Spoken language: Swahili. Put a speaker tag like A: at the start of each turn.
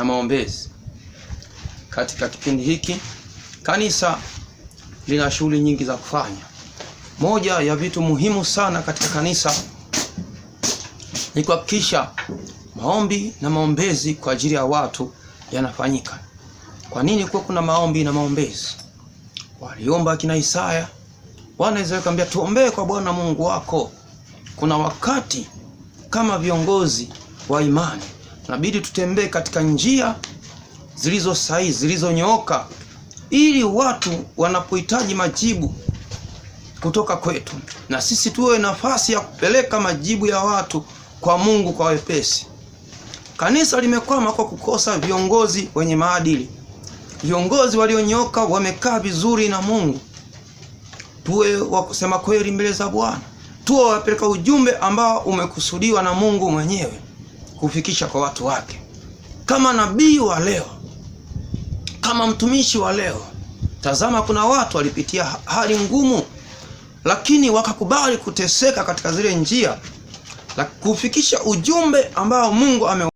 A: na maombezi. Katika kipindi hiki kanisa lina shughuli nyingi za kufanya. Moja ya vitu muhimu sana katika kanisa ni kuhakikisha maombi na maombezi kwa ajili ya watu yanafanyika. Kwa nini kuwa kuna maombi na maombezi? Waliomba akina Isaya, wanaweza kuambia tuombee kwa Bwana Mungu wako. Kuna wakati kama viongozi wa imani tunabidi tutembee katika njia zilizo sahihi, zilizonyooka, ili watu wanapohitaji majibu kutoka kwetu, na sisi tuwe nafasi ya kupeleka majibu ya watu kwa Mungu kwa wepesi. Kanisa limekwama kwa kukosa viongozi wenye maadili. Viongozi walionyoka wamekaa vizuri na Mungu, tuwe wa kusema kweli mbele za Bwana, tuwe wapeleka ujumbe ambao umekusudiwa na Mungu mwenyewe kufikisha kwa watu wake. Kama nabii wa leo, kama mtumishi wa leo, tazama, kuna watu walipitia hali ngumu, lakini wakakubali kuteseka katika zile njia la kufikisha ujumbe ambao Mungu ame